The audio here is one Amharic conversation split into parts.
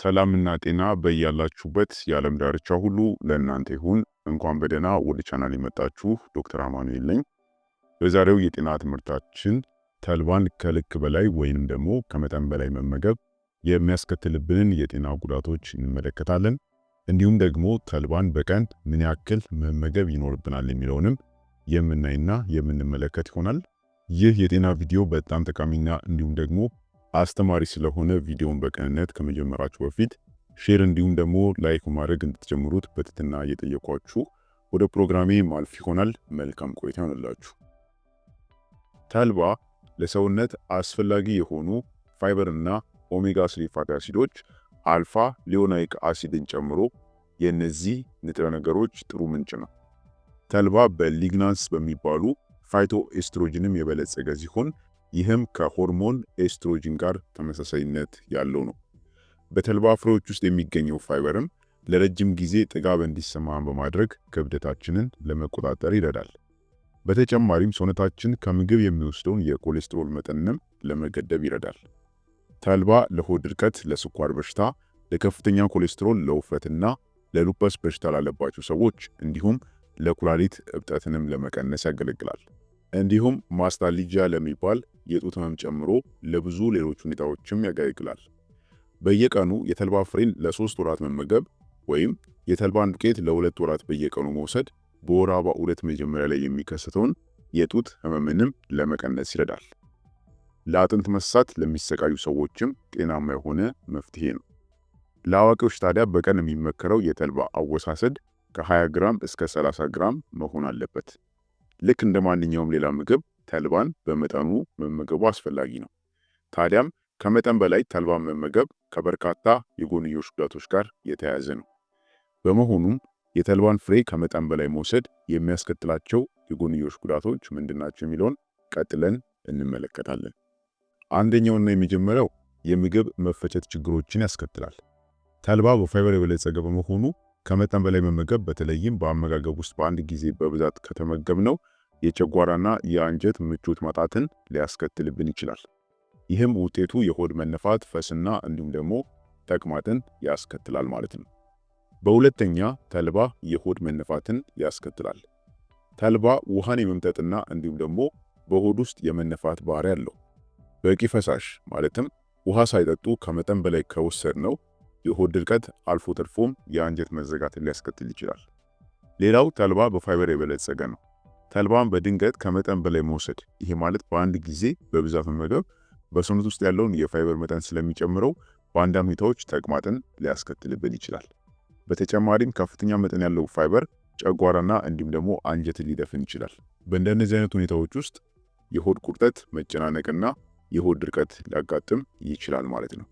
ሰላምና ጤና በያላችሁበት የዓለም ዳርቻ ሁሉ ለእናንተ ይሁን። እንኳን በደህና ወደ ቻናል የመጣችሁ ዶክተር አማኑኤል ነኝ። በዛሬው የጤና ትምህርታችን ተልባን ከልክ በላይ ወይንም ደግሞ ከመጠን በላይ መመገብ የሚያስከትልብንን የጤና ጉዳቶች እንመለከታለን። እንዲሁም ደግሞ ተልባን በቀን ምን ያክል መመገብ ይኖርብናል የሚለውንም የምናይና የምንመለከት ይሆናል። ይህ የጤና ቪዲዮ በጣም ጠቃሚና እንዲሁም ደግሞ አስተማሪ ስለሆነ ቪዲዮውን በቅንነት ከመጀመራችሁ በፊት ሼር እንዲሁም ደግሞ ላይክ ማድረግ እንድትጀምሩት በትትና እየጠየኳችሁ ወደ ፕሮግራሜ ማልፍ ይሆናል። መልካም ቆይታ ይሆንላችሁ። ተልባ ለሰውነት አስፈላጊ የሆኑ ፋይበር እና ኦሜጋ ስሪ ፋቲ አሲዶች አልፋ ሊዮናይክ አሲድን ጨምሮ የእነዚህ ንጥረ ነገሮች ጥሩ ምንጭ ነው። ተልባ በሊግናንስ በሚባሉ ፋይቶ ኤስትሮጅንም የበለጸገ ሲሆን ይህም ከሆርሞን ኤስትሮጂን ጋር ተመሳሳይነት ያለው ነው። በተልባ ፍሬዎች ውስጥ የሚገኘው ፋይበርም ለረጅም ጊዜ ጥጋብ እንዲሰማን በማድረግ ክብደታችንን ለመቆጣጠር ይረዳል። በተጨማሪም ሰውነታችን ከምግብ የሚወስደውን የኮሌስትሮል መጠንንም ለመገደብ ይረዳል። ተልባ ለሆድ ድርቀት፣ ለስኳር በሽታ፣ ለከፍተኛ ኮሌስትሮል፣ ለውፍረትና ለሉፐስ በሽታ ላለባቸው ሰዎች እንዲሁም ለኩላሊት እብጠትንም ለመቀነስ ያገለግላል። እንዲሁም ማስታሊጃ ለሚባል የጡት ህመም ጨምሮ ለብዙ ሌሎች ሁኔታዎችም ያገለግላል። በየቀኑ የተልባ ፍሬን ለሶስት ወራት መመገብ ወይም የተልባን ዱቄት ለሁለት ወራት በየቀኑ መውሰድ በወር አበባ ዑደት መጀመሪያ ላይ የሚከሰተውን የጡት ህመምንም ለመቀነስ ይረዳል። ለአጥንት መሳት ለሚሰቃዩ ሰዎችም ጤናማ የሆነ መፍትሄ ነው። ለአዋቂዎች ታዲያ በቀን የሚመከረው የተልባ አወሳሰድ ከ20 ግራም እስከ 30 ግራም መሆን አለበት። ልክ እንደ ማንኛውም ሌላ ምግብ ተልባን በመጠኑ መመገቡ አስፈላጊ ነው። ታዲያም ከመጠን በላይ ተልባን መመገብ ከበርካታ የጎንዮሽ ጉዳቶች ጋር የተያያዘ ነው። በመሆኑም የተልባን ፍሬ ከመጠን በላይ መውሰድ የሚያስከትላቸው የጎንዮሽ ጉዳቶች ምንድናቸው የሚለውን ቀጥለን እንመለከታለን። አንደኛውና የመጀመሪያው የምግብ መፈጨት ችግሮችን ያስከትላል። ተልባ በፋይበር የበለጸገ በመሆኑ ከመጠን በላይ መመገብ በተለይም በአመጋገብ ውስጥ በአንድ ጊዜ በብዛት ከተመገብ ነው የጨጓራና የአንጀት ምቾት ማጣትን ሊያስከትልብን ይችላል። ይህም ውጤቱ የሆድ መነፋት፣ ፈስና እንዲሁም ደግሞ ተቅማጥን ያስከትላል ማለት ነው። በሁለተኛ ተልባ የሆድ መነፋትን ያስከትላል። ተልባ ውሃን የመምጠጥና እንዲሁም ደግሞ በሆድ ውስጥ የመነፋት ባህሪ አለው። በቂ ፈሳሽ ማለትም ውሃ ሳይጠጡ ከመጠን በላይ ነው። የሆድ ድርቀት አልፎ ተርፎም የአንጀት መዘጋትን ሊያስከትል ይችላል። ሌላው ተልባ በፋይበር የበለጸገ ነው። ተልባን በድንገት ከመጠን በላይ መውሰድ፣ ይሄ ማለት በአንድ ጊዜ በብዛት መመገብ በሰውነት ውስጥ ያለውን የፋይበር መጠን ስለሚጨምረው በአንዳንድ ሁኔታዎች ተቅማጥን ሊያስከትልብን ይችላል። በተጨማሪም ከፍተኛ መጠን ያለው ፋይበር ጨጓራና እንዲሁም ደግሞ አንጀትን ሊደፍን ይችላል። በእንደነዚህ አይነት ሁኔታዎች ውስጥ የሆድ ቁርጠት፣ መጨናነቅና የሆድ ድርቀት ሊያጋጥም ይችላል ማለት ነው።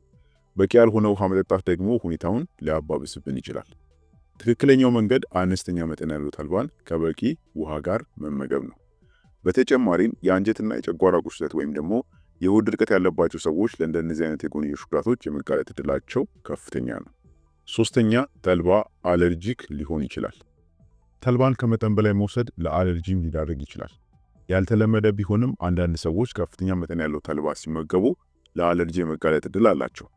በቂ ያልሆነ ውሃ መጠጣት ደግሞ ሁኔታውን ሊያባብስብን ይችላል። ትክክለኛው መንገድ አነስተኛ መጠን ያለው ተልባን ከበቂ ውሃ ጋር መመገብ ነው። በተጨማሪም የአንጀትና የጨጓራ ቁስለት ወይም ደግሞ የሆድ ድርቀት ያለባቸው ሰዎች ለእንደነዚህ አይነት የጎንዮሽ ጉዳቶች የመጋለጥ እድላቸው ከፍተኛ ነው። ሶስተኛ ተልባ አለርጂክ ሊሆን ይችላል። ተልባን ከመጠን በላይ መውሰድ ለአለርጂም ሊዳረግ ይችላል። ያልተለመደ ቢሆንም አንዳንድ ሰዎች ከፍተኛ መጠን ያለው ተልባ ሲመገቡ ለአለርጂ የመጋለጥ እድል አላቸው።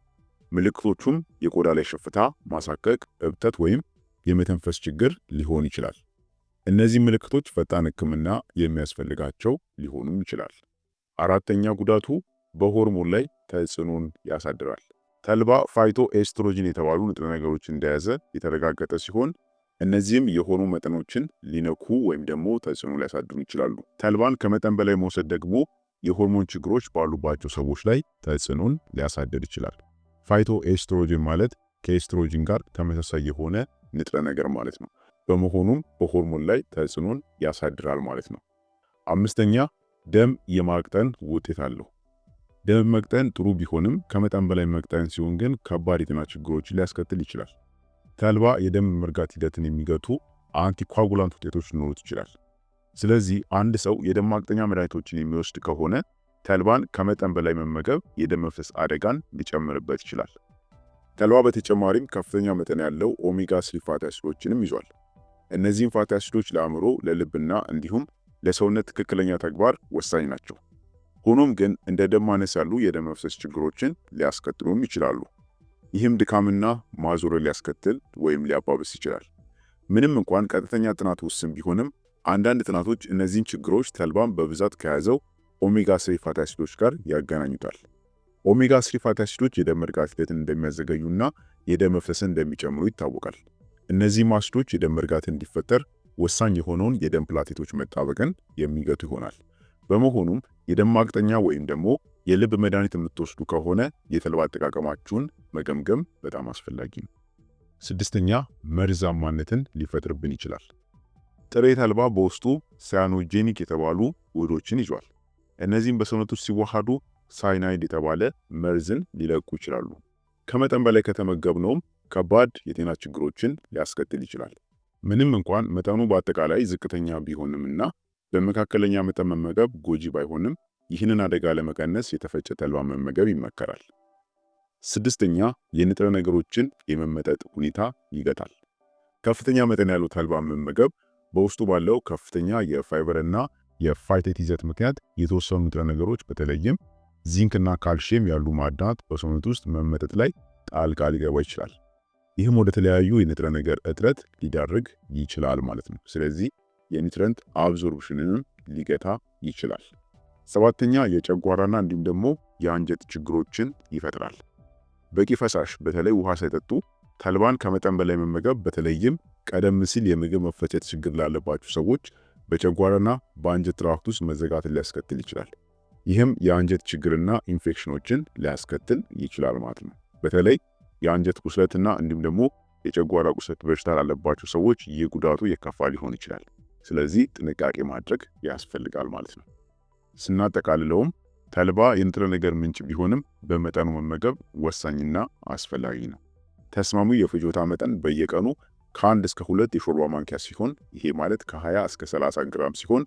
ምልክቶቹም የቆዳ ላይ ሽፍታ፣ ማሳቀቅ እብጠት ወይም የመተንፈስ ችግር ሊሆን ይችላል። እነዚህ ምልክቶች ፈጣን ሕክምና የሚያስፈልጋቸው ሊሆኑም ይችላል። አራተኛ ጉዳቱ በሆርሞን ላይ ተጽዕኖን ያሳድራል። ተልባ ፋይቶ ኤስትሮጅን የተባሉ ንጥረ ነገሮች እንደያዘ የተረጋገጠ ሲሆን እነዚህም የሆርሞን መጠኖችን ሊነኩ ወይም ደግሞ ተጽዕኖ ሊያሳድሩ ይችላሉ። ተልባን ከመጠን በላይ መውሰድ ደግሞ የሆርሞን ችግሮች ባሉባቸው ሰዎች ላይ ተጽዕኖን ሊያሳድር ይችላል። ፋይቶ ኤስትሮጅን ማለት ከኤስትሮጅን ጋር ተመሳሳይ የሆነ ንጥረ ነገር ማለት ነው። በመሆኑም በሆርሞን ላይ ተጽዕኖን ያሳድራል ማለት ነው። አምስተኛ ደም የማቅጠን ውጤት አለው። ደም መቅጠን ጥሩ ቢሆንም ከመጠን በላይ መቅጠን ሲሆን ግን ከባድ የጤና ችግሮችን ሊያስከትል ይችላል። ተልባ የደም መርጋት ሂደትን የሚገቱ አንቲኳጉላንት ውጤቶች ሊኖሩት ይችላል። ስለዚህ አንድ ሰው የደም ማቅጠኛ መድኃኒቶችን የሚወስድ ከሆነ ተልባን ከመጠን በላይ መመገብ የደም መፍሰስ አደጋን ሊጨምርበት ይችላል። ተልባ በተጨማሪም ከፍተኛ መጠን ያለው ኦሜጋ ስሪ ፋቲ አሲዶችንም ይዟል። እነዚህም ፋቲ አሲዶች ለአእምሮ፣ ለልብና እንዲሁም ለሰውነት ትክክለኛ ተግባር ወሳኝ ናቸው። ሆኖም ግን እንደ ደም ማነስ ያሉ የደም መፍሰስ ችግሮችን ሊያስከትሉም ይችላሉ። ይህም ድካምና ማዞር ሊያስከትል ወይም ሊያባብስ ይችላል። ምንም እንኳን ቀጥተኛ ጥናት ውስን ቢሆንም አንዳንድ ጥናቶች እነዚህን ችግሮች ተልባን በብዛት ከያዘው ኦሜጋ ስሪ ፋቲ አሲዶች ጋር ያገናኙታል። ኦሜጋ ስሪ ፋቲ አሲዶች የደም እርጋት ሂደትን እንደሚያዘገዩና የደም መፍሰስን እንደሚጨምሩ ይታወቃል። እነዚህም አሲዶች የደም እርጋት እንዲፈጠር ወሳኝ የሆነውን የደም ፕላቴቶች መጣበቅን የሚገቱ ይሆናል። በመሆኑም የደም ማቅጠኛ ወይም ደግሞ የልብ መድኃኒት የምትወስዱ ከሆነ የተልባ አጠቃቀማችሁን መገምገም በጣም አስፈላጊ ነው። ስድስተኛ መርዛማነትን ሊፈጥርብን ይችላል። ጥሬ ተልባ በውስጡ ሳያኖጄኒክ የተባሉ ውህዶችን ይዟል። እነዚህም በሰውነቶች ሲዋሃዱ ሳይናይድ የተባለ መርዝን ሊለቁ ይችላሉ። ከመጠን በላይ ከተመገብነውም ከባድ የጤና ችግሮችን ሊያስከትል ይችላል። ምንም እንኳን መጠኑ በአጠቃላይ ዝቅተኛ ቢሆንም እና በመካከለኛ መጠን መመገብ ጎጂ ባይሆንም ይህንን አደጋ ለመቀነስ የተፈጨ ተልባ መመገብ ይመከራል። ስድስተኛ የንጥረ ነገሮችን የመመጠጥ ሁኔታ ይገታል። ከፍተኛ መጠን ያለው ተልባ መመገብ በውስጡ ባለው ከፍተኛ የፋይበርና የፋይቴት ይዘት ምክንያት የተወሰኑ ንጥረ ነገሮች በተለይም ዚንክና ካልሽየም ያሉ ማዕድናት በሰውነት ውስጥ መመጠጥ ላይ ጣልቃ ሊገባ ይችላል። ይህም ወደ ተለያዩ የንጥረ ነገር እጥረት ሊዳርግ ይችላል ማለት ነው። ስለዚህ የኒትረንት አብዞርብሽንንም ሊገታ ይችላል። ሰባተኛ የጨጓራና እንዲሁም ደግሞ የአንጀት ችግሮችን ይፈጥራል። በቂ ፈሳሽ በተለይ ውሃ ሳይጠጡ ተልባን ከመጠን በላይ መመገብ በተለይም ቀደም ሲል የምግብ መፈጨት ችግር ላለባቸው ሰዎች በጨጓራና በአንጀት ትራክት ውስጥ መዘጋትን ሊያስከትል ይችላል። ይህም የአንጀት ችግርና ኢንፌክሽኖችን ሊያስከትል ይችላል ማለት ነው። በተለይ የአንጀት ቁስለትና እንዲሁም ደግሞ የጨጓራ ቁስለት በሽታ ላለባቸው ሰዎች ይህ ጉዳቱ የከፋ ሊሆን ይችላል። ስለዚህ ጥንቃቄ ማድረግ ያስፈልጋል ማለት ነው። ስናጠቃልለውም ተልባ የንጥረ ነገር ምንጭ ቢሆንም በመጠኑ መመገብ ወሳኝና አስፈላጊ ነው። ተስማሚ የፍጆታ መጠን በየቀኑ ከአንድ እስከ ሁለት የሾርባ ማንኪያ ሲሆን ይሄ ማለት ከ20 እስከ 30 ግራም ሲሆን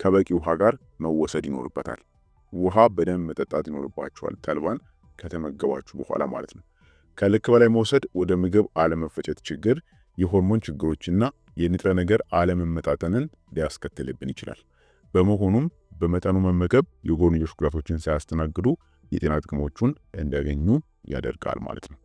ከበቂ ውሃ ጋር መወሰድ ይኖርበታል። ውሃ በደንብ መጠጣት ይኖርባቸዋል፣ ተልባን ከተመገባችሁ በኋላ ማለት ነው። ከልክ በላይ መውሰድ ወደ ምግብ አለመፈጨት ችግር፣ የሆርሞን ችግሮችና የንጥረ ነገር አለመመጣጠንን ሊያስከትልብን ይችላል። በመሆኑም በመጠኑ መመገብ የጎንዮሽ ጉዳቶችን ሳያስተናግዱ የጤና ጥቅሞቹን እንዲያገኙ ያደርጋል ማለት ነው።